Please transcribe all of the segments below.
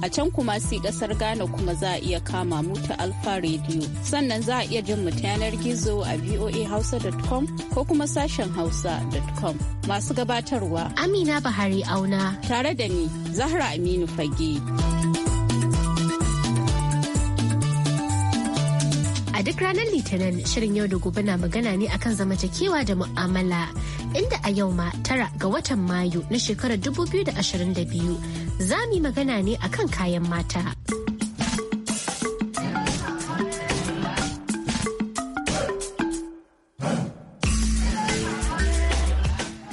A can kuma si kasar Ghana kuma za a iya kama mu ta Alfa Radio. Sannan za a iya jin mu ta yanar gizo a voahausa.com ko kuma sashen hausa.com. Masu gabatarwa Amina Bahari Auna. Tare da ni Zahra Aminu Fage. A duk ranar Litinin shirin yau da gobe na magana ne akan zama zamantakewa da mu'amala inda a yau ma tara ga watan Mayu na shekarar 2022 za mu yi magana ne akan kayan mata.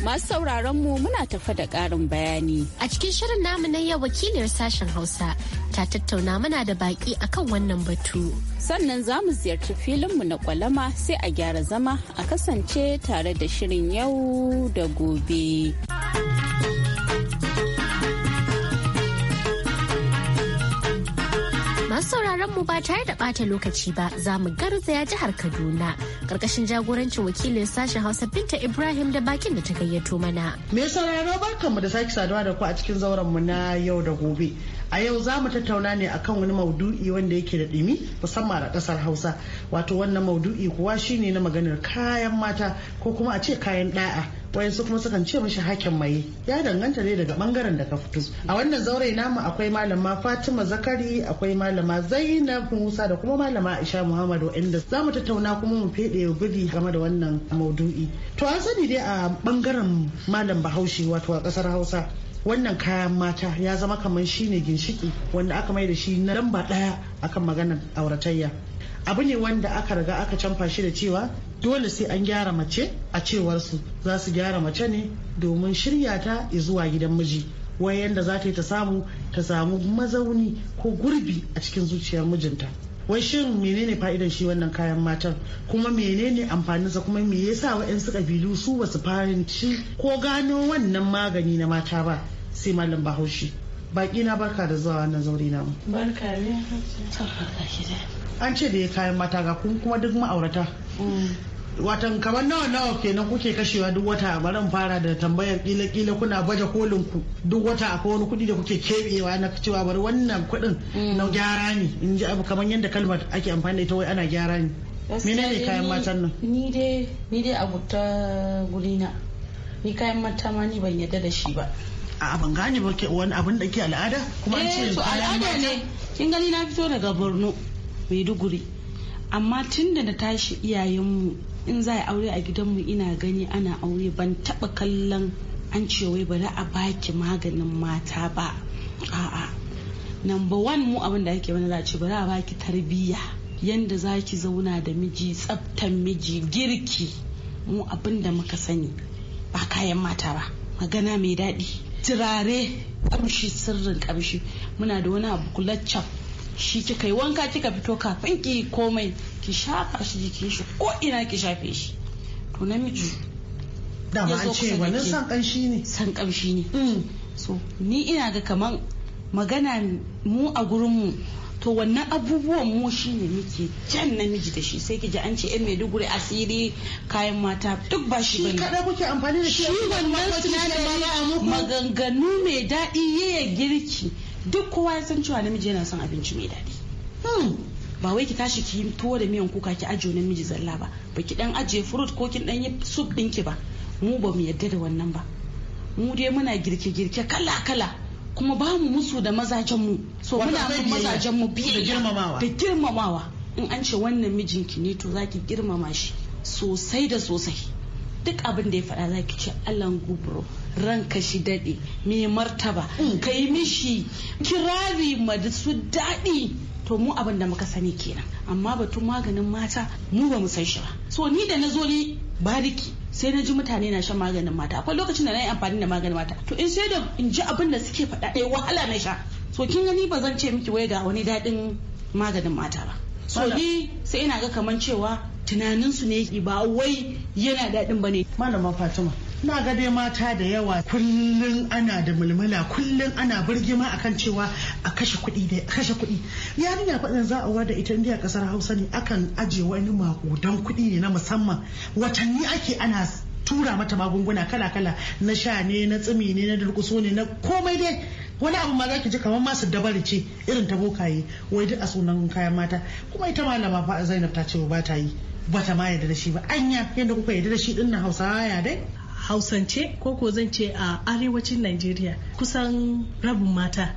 masu sauraron mu muna tafa da ƙarin bayani. A cikin shirin namu na yau wakiliyar sashen Hausa ta tattauna mana da baƙi akan wannan batu. Sannan za mu ziyarci filinmu na ƙwalama sai a gyara zama a kasance tare da shirin yau da gobe. Masu sauraron mu ba tare da bata lokaci ba za mu garzaya jihar Kaduna ƙarƙashin jagorancin wakilin sashen Hausa Binta Ibrahim da bakin da ta gayyato mana. Me sauraro mu da sake saduwa da ku a cikin zauren mu na yau da gobe. a yau za mu tattauna ne akan wani maudu'i wanda yake da ɗimi musamman a ƙasar hausa wato wannan maudu'i kuwa shine na maganar kayan mata ko kuma a ce kayan ɗa'a wayansu kuma sukan ce mashi hakin mai ya danganta ne daga bangaren da ka fito a wannan zaure namu akwai malama Fatima Zakari akwai malama Zainab Musa da kuma malama Aisha Muhammad wa'anda za mu tattauna kuma mu fede gudi game da wannan maudu'i to an sani dai a bangaren malam Bahaushe wato a kasar Hausa wannan kayan mata ya zama kamar shine ginshiki wanda aka mai da shi na lamba daya akan maganar auratayya abu ne wanda aka riga aka canfa shi da cewa dole sai an gyara mace a cewar su za su gyara mace ne domin shirya ta zuwa gidan miji wai yanda za ta yi ta samu ta samu mazauni ko gurbi a cikin zuciyar mijinta wai shin menene fa'idan shi wannan kayan matan kuma menene amfaninsa kuma me yasa wa'yansu kabilu su basu faranci ko gano wannan magani na mata ba sai malam bahaushe baki na barka da zuwa wannan zaure namu barka ne an ce da ya kayan mata ga kuma duk ma'aurata mm. watan kamar nawa nawa kenan kuke kashewa duk wata baran fara da tambayar kila kila kuna baje kolin ku duk wata akwai wani kuɗi da kuke kebewa na cewa bari wannan kuɗin mm. na gyara ne in ji abu kamar yadda kalmar ake amfani da ita wai ana gyara ne menene kayan matan nan ni dai ni dai abu ta gurina ni kayan mata ma ni ban yadda da shi ba a ban gane ba wani abin da ke al'ada kuma an ce eh, al'ada ne kin gani na fito daga Borno Maiduguri amma tun da na tashi iyayenmu in za a aure a gidanmu ina gani ana aure ban taba kallon an cewa wai bari a baki maganin mata ba a'a number one mu abin da ake wani za ce bari a baki tarbiyya yanda za ki zauna da miji tsaftan miji girki mu abin da muka sani ba kayan mata ba magana mai daɗi turare ƙamshi sirrin ƙamshi muna da wani abu kulaccaf. shi kika yi wanka kika fito kafin ki komai ki shafa shi jikin shi ko ina ki shafe shi to namiji dama an ce wannan san kanshi ne san kanshi ne mm. so ni ina ga kaman magana mu a gurin mu to wannan abubuwan mu shine muke jan namiji da shi sai kiji an ce yan maiduguri asiri kayan mata duk ba shi bane kada kuke amfani da shi wannan maganganu mai daɗi yaya girki duk kowa ya san cewa namiji yana son abinci mai daɗi hmm. ba wai ki tashi ki yi tuwo da miyan kuka ki ajiye namiji zalla ba ba ki dan ajiye furut ko kin dan yi soup ɗinki ba mu ba mu yadda da wannan ba mu dai muna girke-girke kala-kala kuma ba mu musu da mazajen mu so muna mun mazajen mu biyayya da girmamawa in an ce wannan mijinki ne to zaki girmama shi sosai da sosai duk abin da ya faɗa zaki ce Allah gubro ranka shi daɗe mai martaba mm. ka yi mishi kirari su daɗi to mu abin da muka sani kenan amma batun maganin mata mu ba mu san shi ba so ni da na zo ni bariki sai na ji mutane na shan maganin mata akwai lokacin da na yi amfani da maganin mata to in sai da in ji abin da suke faɗa ɗaya eh, wahala na sha so kin gani ba zan ce miki wai ga wani daɗin maganin mata ba so ni sai ina ga kaman cewa tunaninsu ne ba wai yana daɗin ba ne malama fatima na ga dai mata da yawa kullum ana da mulmula kullum ana birgima akan cewa a kashe kuɗi da kashe kuɗi yarinya kuɗin za a wada ita indiya kasar hausa ne akan aje wani makudan kuɗi ne na musamman watanni ake ana tura mata magunguna kala-kala na sha ne na tsimi ne na durkuso ne na komai dai wani abu ma za ki ji kamar masu dabari ce irin ta bokaye wai duk a sunan kayan mata kuma ita malama fa zainab ta ce ba ta yi bata ma yarda da shi ba anya yadda kuka yarda da shi din na hausawa ya dai hausance ko ko zan ce a arewacin najeriya kusan rabin mata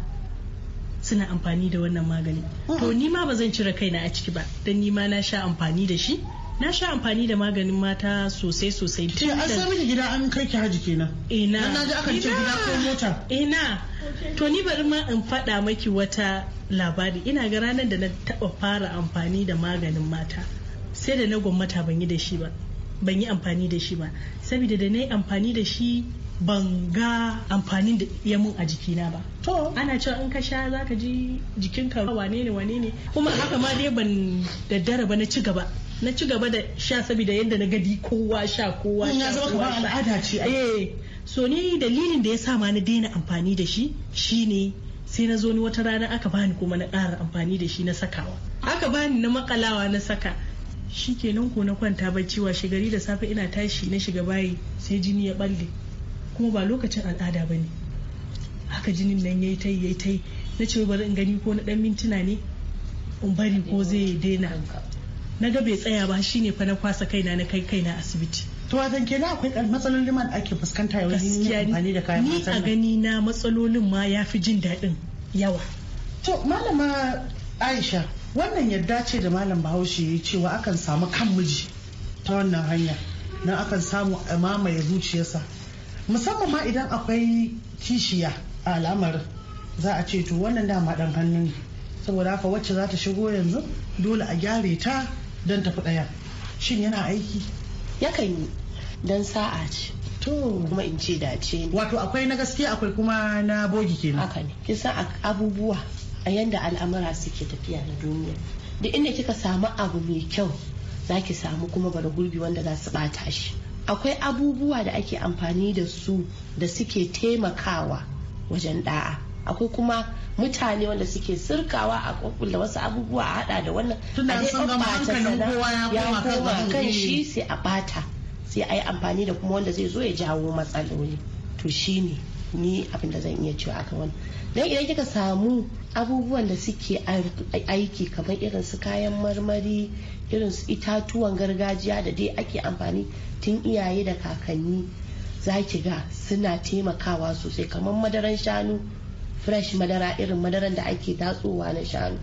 suna amfani da wannan magani to ni ma ba zan cire kaina a ciki ba don ni ma na sha amfani da shi na sha amfani da maganin mata sosai sosai tun da sai gida an kai ki haji kenan ina na ji aka ce gida ko mota ina to ni bari ma in faɗa maki wata labari ina ga ranar da na taɓa fara amfani da maganin mata sai da na gwammata ban yi da shi ba ban yi amfani da shi ba saboda da na yi amfani da shi ban ga amfanin da ya mun a jikina ba to ana cewa in ka sha za ka ji jikinka wane ne wane ne kuma haka ma dai ban daddara ba na ci gaba na ci gaba da sha saboda yadda na gadi kowa sha kowa sha kowa sha al'ada ce eh so ni dalilin da ya sa ma na daina amfani da shi shine sai na zo ni wata rana aka bani kuma na ƙara amfani da shi na sakawa aka bani na makalawa na saka shi kenan ko na kwanta bacci washe gari da safe ina tashi na shiga bayi sai jini ya balle kuma ba lokacin al'ada ba ne haka jinin nan ya yi ta ya ta yi na ce bari in gani ko na dan mintuna ne in bari ko zai daina na ga bai tsaya ba shine fa na kwasa kaina na kai kaina asibiti to wajen kenan akwai matsalolin ma da ake fuskanta yau ne amfani da kayan ni a gani na matsalolin ma ya fi jin daɗin yawa to malama aisha wannan yadda ce da malam bahaushe ya cewa akan samu kan miji ta wannan hanya na akan samu amma ya zuciyarsa musamman ma idan akwai kishiya a alamar za a ce to wannan dama dan hannu ne saboda haka wacce za ta shigo yanzu dole a gyare ta don tafi daya shin yana aiki yakan yi don sa'a ce to kuma in ce dace wato akwai na gaskiya akwai kuma na bogi kenan haka ne kisan abubuwa a yanda al'amura suke tafiya na duniya da inda kika samu abu mai kyau za ki samu kuma bara gurbi wanda za su bata shi akwai abubuwa da ake amfani da su da suke taimakawa wajen da'a akwai kuma mutane wanda suke sirkawa a kokulla wasu abubuwa a hada da wannan tunda sun gama hankalin kowa ya koma kan shi sai a bata sai a yi amfani da kuma wanda zai zo ya jawo matsaloli to shine ni abin da zan iya cewa akan wani dan idan kika samu abubuwan da suke aiki kamar irin su kayan marmari irin su itatuwan gargajiya da dai ake amfani tun iyaye da kakanni za ki ga suna taimakawa sosai kamar madaran shanu fresh madara irin madaran da ake tatsowa na shanu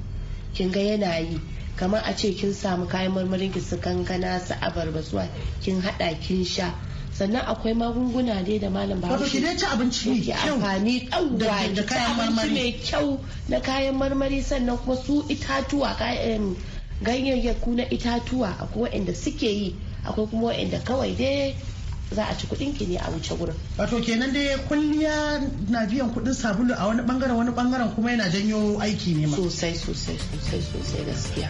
kin ga yana yi kamar a ce kin samu kayan marmarin ki su kankana su abarba suwa kin hada kin sha sannan akwai magunguna dai da malam ba shi da ci abinci mai kyau amfani dauwa da kayan marmari mai kyau na kayan marmari sannan kuma su itatuwa kayan ganyayyaku na itatuwa akwai waɗanda suke yi akwai kuma waɗanda kawai dai za a ci kuɗin ki ne a wuce gurin. Wato kenan dai kulliya na biyan kuɗin sabulu a wani bangaren wani bangaren kuma yana janyo aiki ne ma. Sosai sosai sosai sosai gaskiya.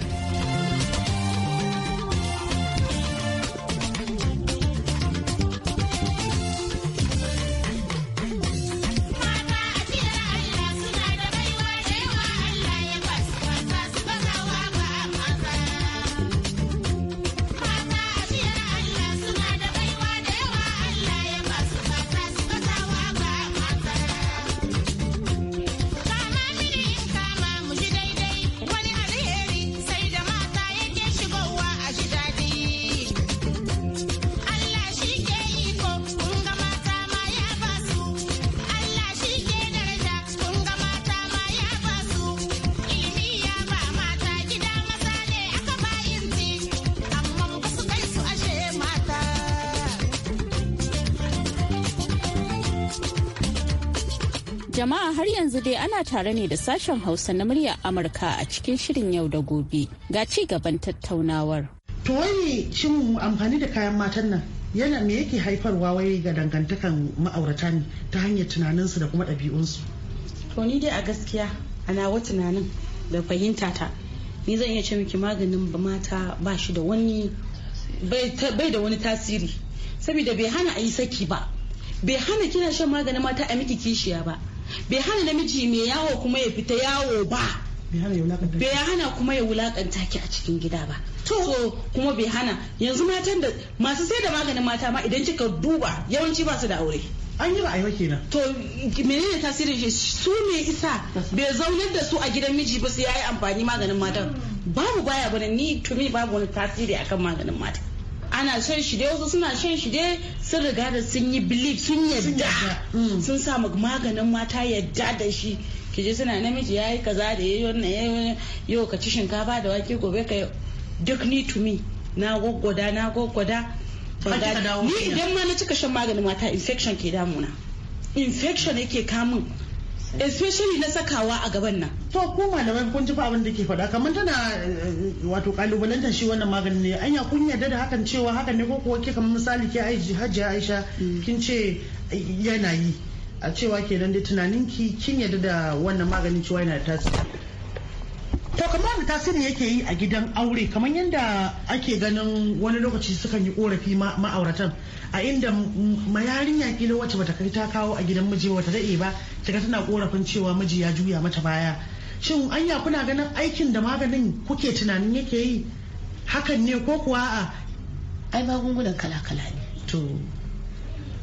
jama'a har yanzu dai ana tare ne da sashen hausa na murya amurka a cikin shirin yau da gobe ga ci gaban tattaunawar to wai shin amfani da kayan matan nan yana me yake haifarwa wai ga dangantakan ma'aurata ne ta hanyar tunaninsu da kuma ɗabi'unsu to ni dai a gaskiya ana wa tunanin da fahimta ta ni zan iya ce miki maganin mata ba shi da wani bai da wani tasiri saboda bai hana a yi saki ba bai hana kina shan maganin mata a miki kishiya ba bai hana namiji mai yawo kuma ya fita yawo ba bai hana kuma ya wulakanta ki a cikin gida ba to kuma bai hana yanzu matan da masu sai da maganin mata ma idan kika duba yawanci ba su da aure an yi ra'ayi kenan to menene tasirin shi su mai isa bai zaunar da su a gidan miji ba su yayi amfani maganin matan mm. babu baya bane ni tumi babu wani tasiri akan maganin mata ana shan shi dai wasu suna shan shi dai sun riga da sun yi bilif sun yadda mm. sun sa maganin mata yadda da shi ki je suna namiji ya yi kaza da yi wannan yi yau ka ci shinkafa da wake gobe ka duk ni to me na gwaggwada na gwaggwada ni idan ma na cika shan maganin mata infection ke damuna infection yake kamun especially na sakawa a gaban nan to ko malamai kun ji fa abin da ke faɗa kamar tana eh, wato kalubalantar shi wannan maganin ne anya kun yarda da hakan cewa hakan ne ko kuwa ke kamar misali ke hajji aisha mm. kin ce eh, yana yi a cewa kenan dai tunanin ki kin yarda da wannan maganin cewa yana da tasiri to kamar da tasiri yake yi a gidan aure kamar yadda ake ganin wani lokaci sukan yi korafi ma'auratan a inda mayarinya kila wacce bata kai ta kawo a gidan miji wata da'e ba shiga tana korafin cewa miji ya juya mata baya shin anya kuna ganin aikin da maganin kuke tunanin yake yi hakan ne ko kuwa a ai magungunan kala-kala ne to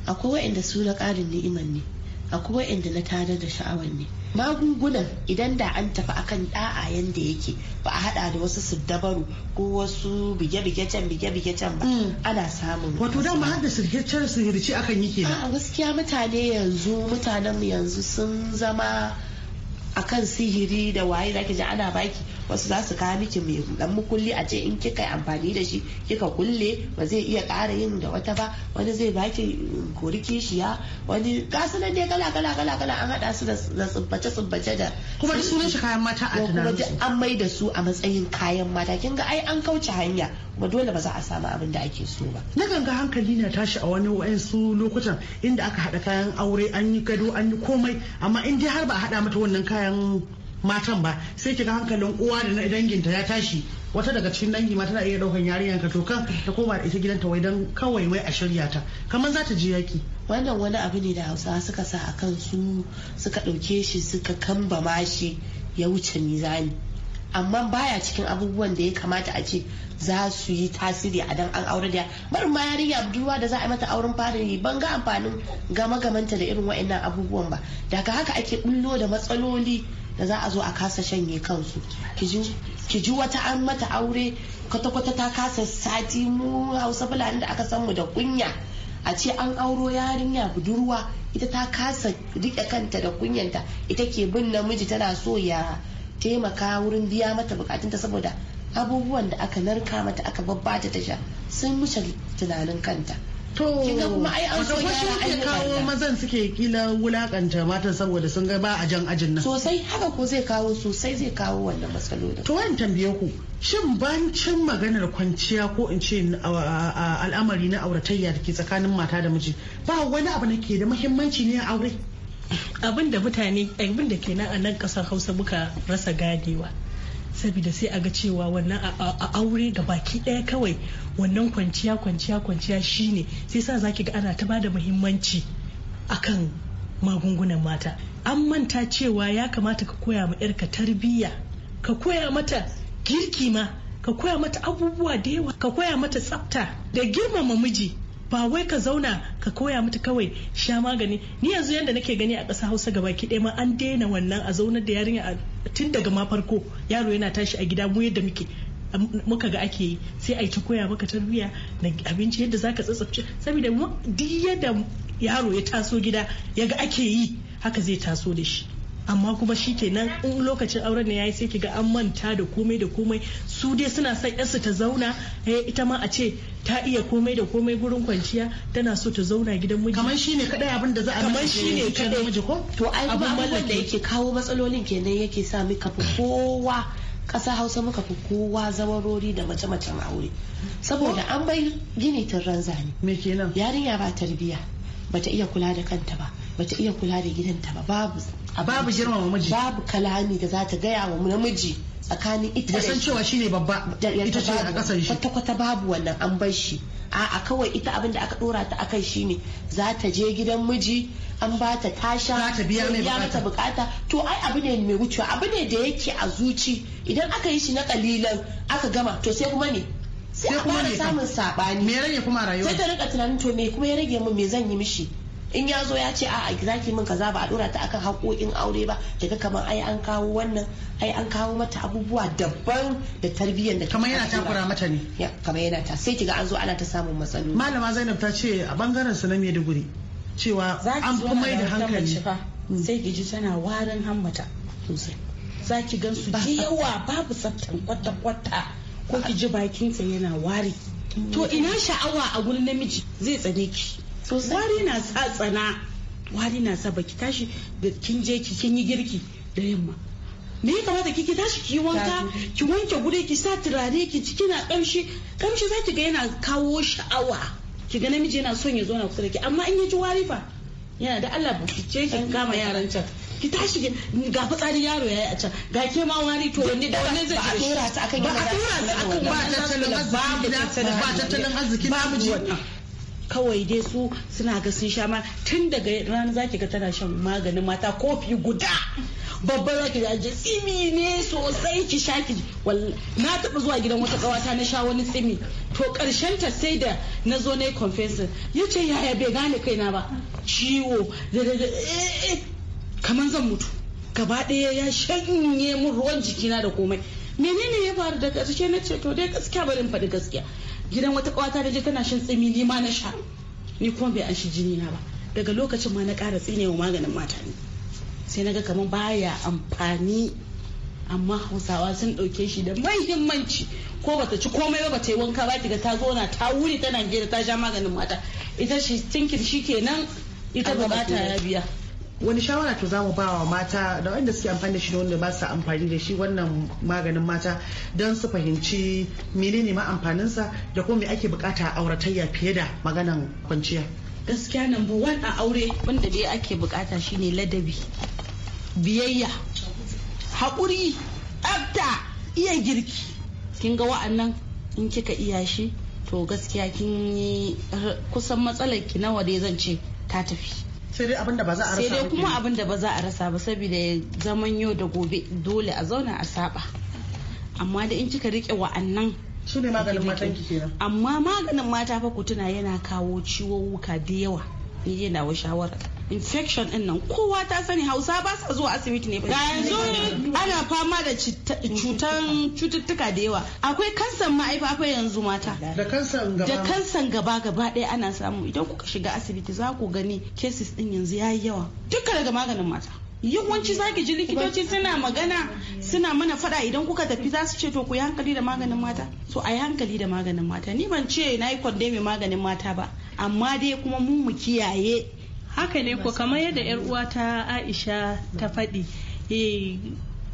akwai wa'inda su na ƙarin ni'iman ne akwai wa'inda na tare da sha'awar ne magungunan idan da an tafi akan da'a yanda yake ba a hada da wasu siddabaru ko wasu bige-bige can bige-bige can ba mm. ana samun wato da ma hada sirhirce sirhirce akan yi kenan a gaskiya mutane yanzu mutanen yanzu sun zama akan sihiri da waye zaki je ana baki wasu za su kawo miki mai dan mukulli a ce in kika amfani da shi kika kulle ba zai iya ƙara yin da wata ba wani zai baki kori kishiya wani gasu nan kala kala kala kala an haɗa su da tsubbace tsubbace da kuma da sunan shi kayan mata a tunanin kuma an mai da su a matsayin kayan mata kin ga ai an kauce hanya kuma dole ba za a samu abin da ake so ba na ganga hankali na tashi a wani wa'ansu lokutan inda aka haɗa kayan aure an yi gado an yi komai amma in dai har ba a haɗa mata wannan kayan matan ba sai kiga hankalin uwa da na danginta ya tashi wata daga cikin dangi ma tana iya daukan yarinyar ka to kan ta koma da ita gidanta wai dan kawai wai a shirya ta kamar za ta je yaki wannan wani abu ne da hausa suka sa a kan su suka dauke shi suka kamba mashi ya wuce mizani amma baya cikin abubuwan da ya kamata a ce za su yi tasiri a dan an aure da barin ma yarinya budurwa da za a mata auren yi ban ga amfanin gama gamanta da irin wa'annan abubuwan ba daga haka ake bullo da matsaloli da za a zo a kasa shanye kansu ki ji wata an mata aure kwata-kwata ta kasa sati mu hausa fulani da aka san mu da kunya a ce an auro yarinya budurwa ita ta kasa rike kanta da kunyanta ita ke bin namiji tana so ya taimaka wurin biya mata bukatunta saboda abubuwan da aka narka mata aka babbata ta sha sun mushe tunanin kanta To, wata shi ke kawo mazan suke kila wulakanta matan saboda sun ga ba a jan ajin nan. Sosai haka ko zai kawo sosai zai kawo wannan matsalolin. To in tambaye ku, shin bancin maganar kwanciya ko in ce al'amari na auratayya da ke tsakanin mata da miji ba wani abu da ke da muhimmanci ne a aure? Abin da mutane, abin da ke nan a nan ƙasar Hausa muka rasa gadewa saboda sai a ga cewa wannan a aure ga baki ɗaya kawai wannan kwanciya kwanciya kwanciya shine sai sa zaki ga ana ta bada muhimmanci akan magungunan mata an manta cewa ya kamata ka koya ma yarka tarbiyya ka koya mata girki ma ka koya mata abubuwa da yawa ka koya mata tsafta da girmama miji ba wai ka zauna ka koya mata kawai sha magani ni yanzu yadda nake gani a ƙasa hausa gabaki ɗaya ma an daina wannan a zaunar da yarinya tun daga ma farko yaro yana tashi a gida mu yadda muke muka ga ake yi sai a yi ta koya maka tarbiyya na abinci yadda za ka tsatsafce saboda duk yadda yaro ya taso gida ya ga ake yi haka zai taso da shi amma kuma shi kenan in lokacin auren ne yi sai ki ga an manta da komai da komai su dai suna son yarsu ta zauna eh ita ma a ce ta iya komai da komai gurin kwanciya tana so ta zauna gidan miji kamar shi ne kadai abin da za a kamar ne kadai ko to ai kuma abin da yake kawo matsalolin kenan yake sa fi kowa ƙasa hausa muka fi kowa zawarori da mace mace aure saboda an bai gini tun ranzani. Me kenan. yarinya ba tarbiyya bata iya kula da kanta ba bata iya kula da gidanta ba babu babu girmama miji babu kalami da za ta gaya wa namiji tsakanin ita da san cewa shine babba ita ce a kasar shi kwata kwata babu wannan an bar shi a'a kawai ita abin da aka dora ta akan shine za ta je gidan miji an ba ta tasha ta biya mata bukata to ai abu ne mai wucewa abu ne da yake a zuci idan aka yi shi na kalilan aka gama to sai kuma ne sai kuma ne samun sabani me rage kuma rayuwa sai ta rika tunanin to me kuma ya rage min me zan yi mishi in ya zo ya ce a'a zaki min kaza ba a dora ta akan haƙoƙin aure ba kiga kamar ai an kawo wannan ai an kawo mata abubuwa daban da tarbiyyar da kamar yana takura mata ne kamar yana ta sai kiga an zo ana ta samun matsaloli malama Zainab ta ce a bangaren su na Maiduguri cewa an fi mai da hankali mm. sai ki ji tana warin hammata sosai za ki gan su ji yawa babu tsaftan kwata-kwata ko ki ji bakinsa yana wari to ina sha'awa a gurin namiji zai tsane ki wari na sa tsana wari na sa baki tashi da kin je ki kin yi girki da yamma me ya kamata ki tashi ki wanka ki wanke gure ki sa turare ki ciki na kamshi kamshi za ki ga yana kawo sha'awa ki ga namiji yana son ya zo na kusa da ki amma in ya ji wari fa yana da Allah ba ki ce ki kama yaran can ki tashi ga fitsari yaro yayi a can ga ke ma wari to wanne da wanne zai ba a tura ta akan ba a tura ta akan ba tattalin arziki ba tattalin arziki ba mu ji kawai dai su suna ga sun sha ma tun daga rana zaki ga tana shan maganin mata kofi guda babba zaki ga je tsimi ne sosai ki sha ki na taba zuwa gidan wata kawata na sha wani tsimi to karshen ta sai da na zo na confessor yace yaya bai gane kai na ba ciwo eh, eh. kamar zan mutu gaba ɗaya ya shanye mun ruwan jikina da komai menene ya faru da ƙarshe na ce to dai gaskiya bari in faɗi gaskiya gidan wata kawata da je tana shan tsimi ni ma na sha ni kuma bai an shi jini na ba daga lokacin ma na ƙara wa maganin mata ne sai naga kamar baya amfani amma hausawa sun ɗauke shi da mahimmanci ko bata ci komai ba bata yi wanka ba kiga ta zauna ta wuri tana gida ta sha maganin mata ita shi tinkin shi kenan ita ba ta biya wani shawara to zamu ba wa mata da wanda suke amfani da shi da wanda ba su amfani da shi wannan maganin mata don su fahimci menene ma amfaninsa da kuma me ake bukata a auratayya fiye da maganan kwanciya gaskiya number one a aure wanda dai ake bukata shine ladabi biyayya haƙuri tsafta iya girki kin ga wa'annan in kika iya shi to gaskiya kin kusan matsalar ki nawa dai zan ce ta tafi sai dai abin da ba za a rasa sai dai kuma abin da ba za a rasa ba saboda zaman yau da gobe dole a zauna a saba amma da in kika rike wa'annan su ne maganin matan ki kenan amma maganin mata fa ku tuna yana kawo ciwo wuka da yawa ni yana wa shawara infection din nan kowa ta sani hausa ba sa zuwa asibiti ne ga yanzu ana fama da cutan cututtuka da yawa akwai kansan ma'aifafa yanzu mata da kansan gaba da kansan gaba gaba ɗaya ana samu idan kuka shiga asibiti za ku gani cases din yanzu yayi yawa duka daga maganin mata yawanci zaki ji likitoci suna magana suna mana fada idan kuka tafi za su ce to ku yi hankali da maganin mata so a yi hankali da maganin mata ni ban ce na yi kwande mai maganin mata ba amma dai kuma mu mu kiyaye haka ne ko kamar yadda 'yar uwa ta aisha ta faɗi eh,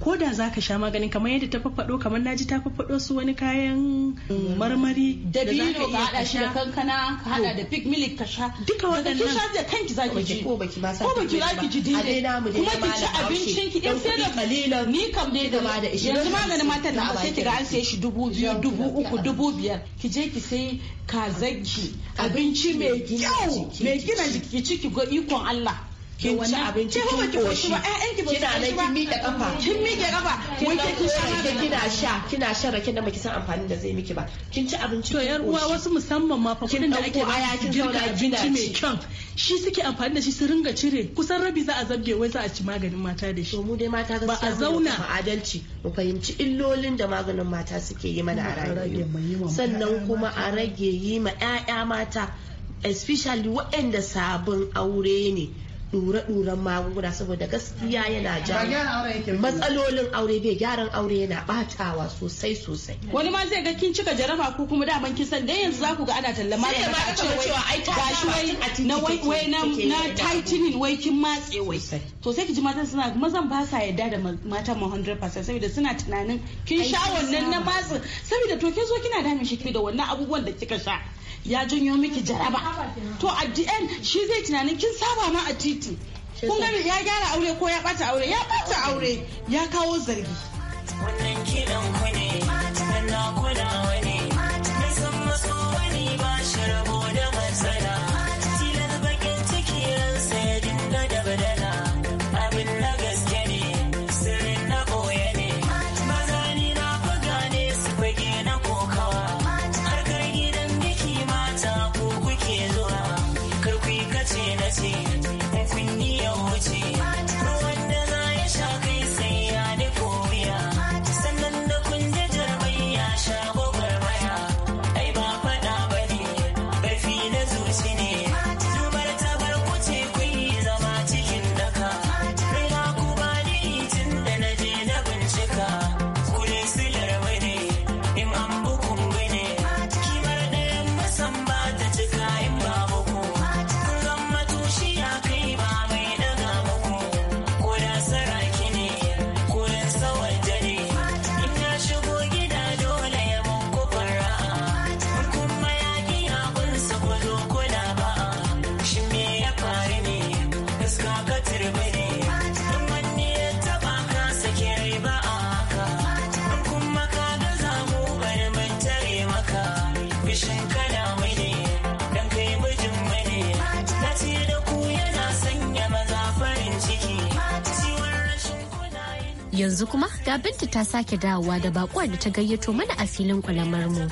ko da za ka sha maganin kamar yadda ta faɗo kamar naji ta faɗo su wani kayan marmari da za ka hada shi da kankana ka hada da pig milk ka sha duka waɗannan ka sha da kanki ki ji ko baki ba ko baki ki ji dai kuma ki ci abincin ki in sai da kalilan ni kam dai da ma da ishi yanzu maganin matan na sai ki ga an sai shi dubu biyu dubu uku dubu biyar ki je ki sai ka zaki abinci mai kyau mai gina jiki ciki ga ikon Allah kin ci abinci kin koshi kina nan kin miƙe kafa kin miƙe kafa mun ke kin sha kina sha kina shan rake da baki san amfanin da zai miki ba kin ci abinci to yar uwa wasu musamman ma fa kudin da ake baya kin girka abinci mai kyan shi suke amfani da shi su ringa cire kusan rabi za a zabge wai za a ci maganin mata da shi to mu dai mata ba a zauna adalci mu fahimci illolin da maganin mata suke yi mana a rayuwa sannan kuma a rage yi ma 'ya'ya mata especially waɗanda sabon aure ne dure-duren magunguna saboda gaskiya yana jawo matsalolin aure bai gyaran aure yana batawa sosai sosai wani ma zai ga kin cika jarama ko kuma daman kin san dai yanzu za ku ga ana talla malama ta ai ta shi wai na wai na na tightening wai kin matse eh, wai to sai ki ji matan suna mazan ba sa yadda da mata mu 100% saboda suna tunanin kin sha wannan na matsi saboda to kin zo kina damin shi da wannan abubuwan da kika sha ya janyo miki jaraba to at the end shi zai tunanin kin saba ma a titi kun gani ya gyara aure ko ya bata aure ya bata aure ya kawo zargi wannan kidan ku ne na kuna Yanzu kuma ga Binta ta sake dawowa da bakuwar da ta gayyato mana a filin kwalamar mu.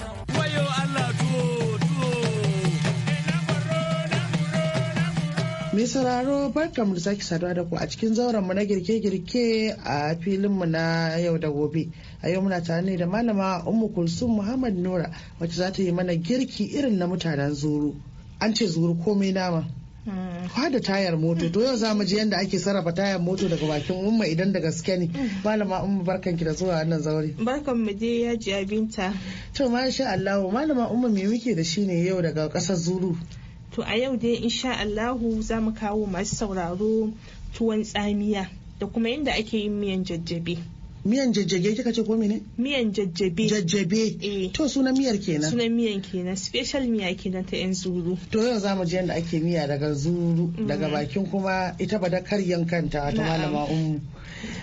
Mai sauraro mu da sake saduwa da ku a cikin zauren mu na girke-girke a filinmu na yau da gobe. A yau muna tare ne da malama Ummu Kulsum Muhammad Nura wacce za ta yi mana girki irin na mutanen zuru. An ce zuru komai nama. da tayar moto to yau za mu je yadda ake sarrafa tayar moto daga bakin umma idan daga gaske ne. Malama umma barkan ki da zuwa wannan zaure. Barkan mu je ji abinta. To masha Allah malama umma me muke da shi ne yau daga kasar Zulu. To a yau dai insha Allahu za mu kawo masu sauraro tuwon tsamiya da kuma yadda ake yin miyan jajjabe. miyan jajjage kika ce ko mene miyan jajjabe jajjabe eh to sunan miyar kenan sunan miyan kenan special miya kenan ta yan zuru to yau zamu je yadda ake miya daga zuru daga mm. bakin kuma ita ba da karyan kanta ta malama ummu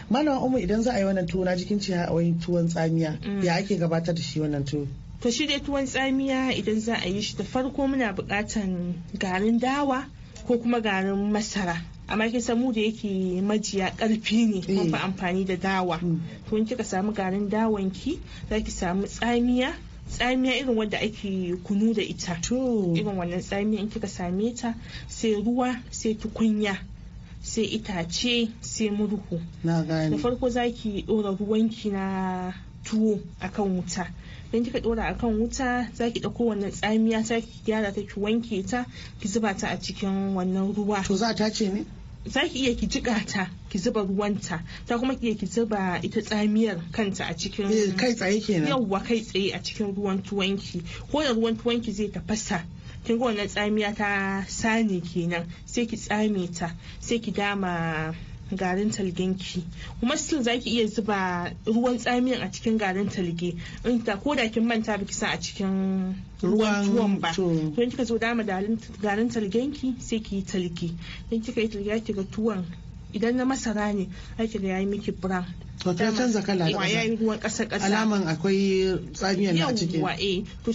malama ummu idan za a yi wannan tuwo na jikin ce a wani tuwon tsamiya mm. ya ake gabatar da shi wannan tuwo to shi dai tuwon tsamiya idan za a yi shi da farko muna buƙatan garin dawa ko kuma garin masara amma kin san mu da yake majiya karfi ne kuma eh. amfani da dawa hmm. to in kika samu garin dawan ki zaki samu tsamiya tsamiya irin wanda ake kunu da ita irin wannan tsamiya in kika same ta sai ruwa sai tukunya sai itace sai murhu da farko zaki dora ruwanki na tuwo akan wuta idan kika dora akan wuta za ki dauko wannan tsamiya ta ki gyara ta ki wanke ta ki zuba ta a cikin wannan ruwa to za ta ce ne za ki iya ki jiƙa ta ki zuba ruwanta ta kuma ki iya ki zuba ita tsamiyar kanta a cikin eh, kai tsaye kenan yawwa kai tsaye a cikin ruwan tuwanki ko da ruwan tuwanki zai tafasa kin ga wannan tsamiya ta sani kenan sai ki tsame ta sai ki dama garin talgen ki kuma still ki iya zuba ruwan tsamiyan a cikin garin talge in ko da kin manta biki sa a cikin ruwan tuwon ba don kika zo dama garin talgen ki sai ki yi talge don kika yi talge ga tuwon idan na masara ne aiki da ya yi miki brown to ta canza kala da yi ruwan kasa kasa alaman akwai tsamiya na cikin yawa eh to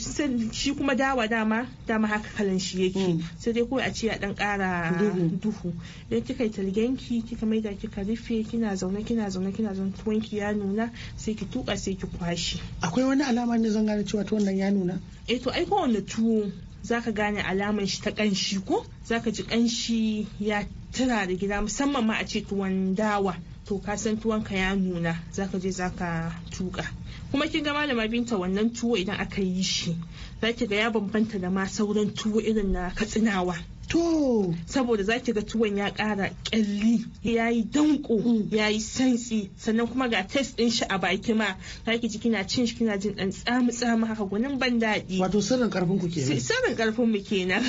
shi kuma dawa dama dama haka kalan shi yake hmm. sai dai kawai a ce a dan kara duhu idan kika yi talgenki kika maida kika rufe kina zaune kina zaune kina zaune tuwonki ya nuna sai ki tuka sai ki kwashi akwai wani alama ne zan gane cewa tuwon nan ya nuna eh to ai kowanne tuwo Za ka gane alamar shi ta ƙanshi ko zaka ji ƙanshi ya tura da gida musamman ma a ce tuwon dawa to ka san tuwon ka ya nuna zaka je zaka tuka kuma kin ga malama binta wannan tuwo idan aka yi shi zaki ga ya bambanta da ma sauran tuwo irin na katsinawa To. Saboda za ki ga tuwon ya kara ƙyalli ya yi danko mm. ya yi santsi sannan kuma ga test din shi a baki ma za ki ji kina cin shi kina jin dan tsamu tsamu haka gwanin ban daɗi. Wato sirrin karfin ku kenan. Sirrin karfin mu kenan.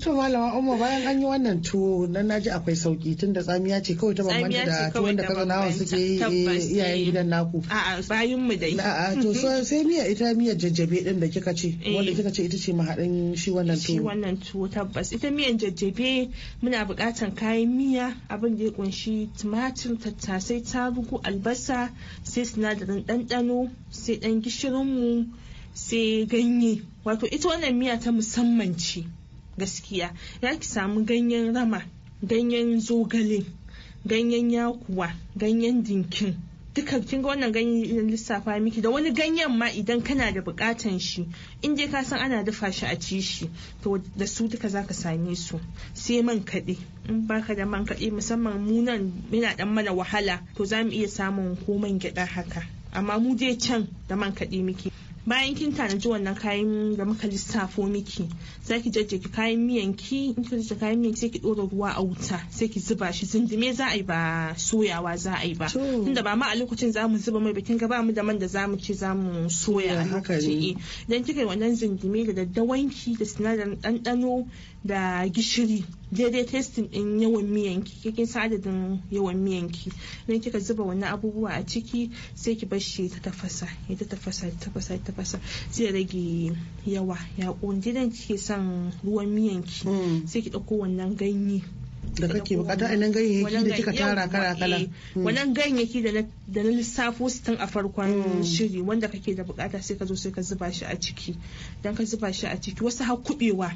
To malama Umma bayan an yi wannan tuwo nan naji akwai sauki tunda tsamiya ce kawai ta bambanta da tuwon da nawa suke yi eh, iyayen eh. gidan naku. A'a bayan mu dai. A'a to sai miya ita miyar jajjabe din da kika ce wanda eh. kika ce ita ce mahaɗin shi wannan tuwo. Shi wannan tuwo tabbas ita ita miyan jajjabe muna buƙatar kayan miya abin da ya kunshi tumatir tattasai tarugu albasa sai sinadarin ɗanɗano sai ɗan gishirinmu sai ganye wato ita wannan miya ta musamman ce gaskiya ya ki samu ganyen rama ganyen zogale ganyen yakuwa ganyen dinkin duka kin ga wannan ganye lissafa miki da wani ganyen ma idan kana da bukatan shi in dai ka san ana dafa shi a ci shi to da su duka zaka same su sai man kaɗe in baka da man kaɗe musamman mu nan yana dan mana wahala to za mu iya samun ko man gyaɗa haka amma mu je can da man kaɗe muke bayan kin tanaji wannan kayan da muka lissafo miki sai ki jajjage kayan miyan ki in ki jajjage kayan miyan sai ki dora ruwa a wuta sai ki zuba shi zindime za a yi ba soyawa za a yi ba tunda ba ma a lokacin za mu zuba mai bakin ga ba mu da man da za mu ce za mu soya a eh, lokaci eh, idan kika yi wannan zindime da daddawanki da sinadarin ɗanɗano da gishiri daidai testing din yawan miyanki kikin sadadin yawan miyanki don kika zuba wannan abubuwa a ciki sai ki bar shi ta tafasa ya ta tafasa ta tafasa ta tafasa zai rage yawa ya kundi dan kike son ruwan miyanki mm. sai ki dauko wannan ganye da kake bukata ainihin ganyayyaki da kika tara kala kala eh. mm. wannan ganyayyaki da na lissafo su tun a farkon mm. shiri wanda kake da bukata sai ka zo sai ka zuba shi a ciki dan ka zuba shi a ciki wasu har kubewa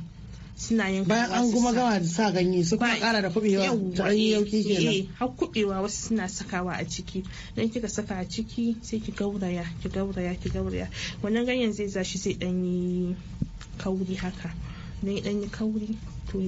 suna yin bayan an kuma gama da sa ganye su kuma kara da kubewa ta ganye eh, yauki eh, kenan eh har kubewa wasu suna sakawa a ciki dan kika saka a ciki sai ki gauraya ki gauraya ki gauraya wannan ganyen zai zashi sai dan yi kauri haka dan dan yi kauri to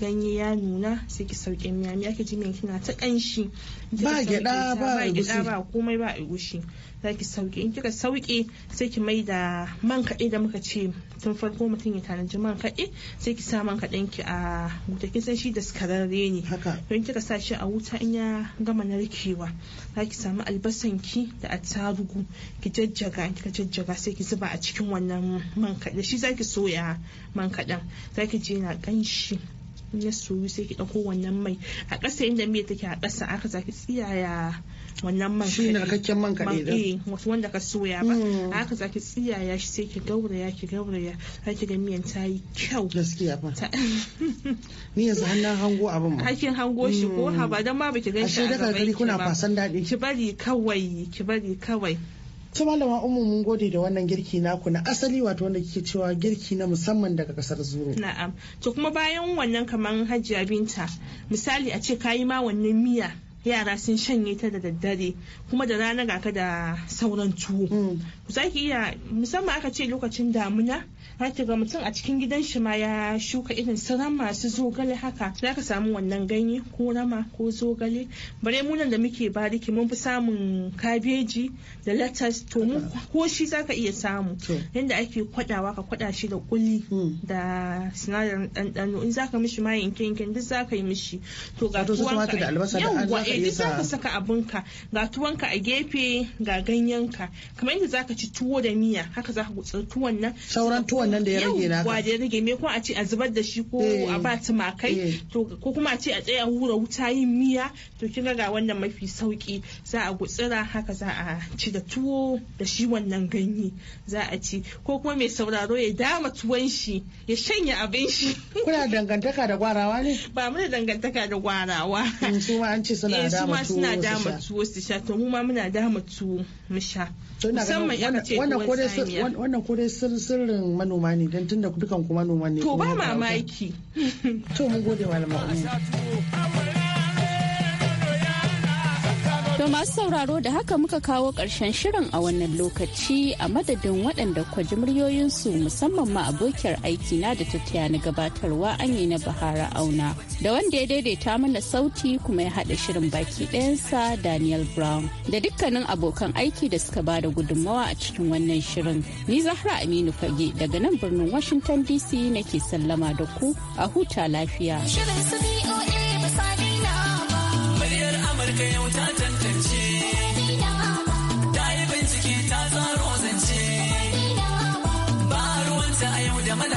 ganye ya nuna sai ki sauke miya miya ki ji min kina ta kanshi ba gida ba ba komai ba gushi za ki in kika sauke sai ki mai da man kaɗe da muka ce tun farko mutum ya tanaji man kaɗe sai ki sa man kaɗen ki a wuta kin san shi da skararre ne In kika sa shi a wuta in ya gama narkewa za ki samu albasan ki da attarugu ki jajjaga in kika jajjaga sai ki zuba a cikin wannan man kaɗe shi za ki soya man kaɗen za ki je na ƙanshi ya soyu sai ki ɗauko wannan mai a ƙasa inda miyar take a ƙasa aka zaki tsiyaya wannan man shi na kakken man kaɗai da wasu wanda ka soya ba a hmm. haka za ki tsiyaya shi sai ki gauraya ki gauraya za ki ga miyan ta yi kyau gaskiya ba ni yanzu hannun hango abin ma hakin hango shi ko hmm. haba don ma baki gan shi a gaban ki kuna fasan daɗi ki bari kawai ki bari kawai to malama ummu mun gode da wannan girki naku na asali wato wanda kike cewa girki na musamman daga kasar zuru na'am to kuma bayan wannan kamar hajjia binta misali a ce kayi ma wannan miya yara sun shanye ta da daddare kuma da rana ga ka da sauran tuwo za mm. sake iya musamman aka ce lokacin damuna ki ga mutum a cikin gidan shi ma ya shuka irin su ran masu zogale haka za ka samu wannan ganye ko rama ko zogale bare munan da muke bariki mun fi samun kabeji da latas to mu ko shi za ka iya samu yadda ake kwadawa ka kwada shi da kuli mm. da sinadarin ɗanɗano in za ka mishi ma yanke yanke duk za ka yi mishi to ga da eh duk ka saka ka ga ka a gefe ga ganyenka kamar yadda zaka ci tuwo da miya haka zaka gutsa tuwon nan sauran tuwon nan da ya rage naka wa da ya rage me ko a ce a zubar da shi ko a eh, ba ta tumakai eh. to ko kuma a ce a tsaya hura wuta yin miya to kin ga wannan mafi sauki za a gutsira haka za a ci da tuwo da shi wannan ganye za a ci ko kuma mai sauraro ya dama tuwon shi ya shanya abin shi kuna dangantaka da gwarawa ne ba mu da dangantaka da gwarawa mm, su ma an ce suna eh su ma suna dama tuwo su sha to mu ma muna dama tuwo mu sha musamman ya ce wannan kodai sirrin manoma ne dan tunda dukan ku manoma ne to ba mamaki to mun gode malama To masu sauraro da haka muka kawo ƙarshen shirin a wannan lokaci a madadin waɗanda kwaji muryoyinsu musamman ma abokiyar aiki na da tattaya na gabatarwa na Bahara Auna da wanda ya daidaita mana sauti kuma ya haɗa shirin baki ɗayansa Daniel Brown da dukkanin abokan aiki da suka ba da gudunmawa a cikin wannan shirin. Ni Zahra Aminu Fage daga nan birnin Washington DC nake sallama da ku a huta lafiya. Shirin su ba Amurka yau ta tantance. Ta yi bincike ta tsaro zance. Ba ruwanta a yau da mana.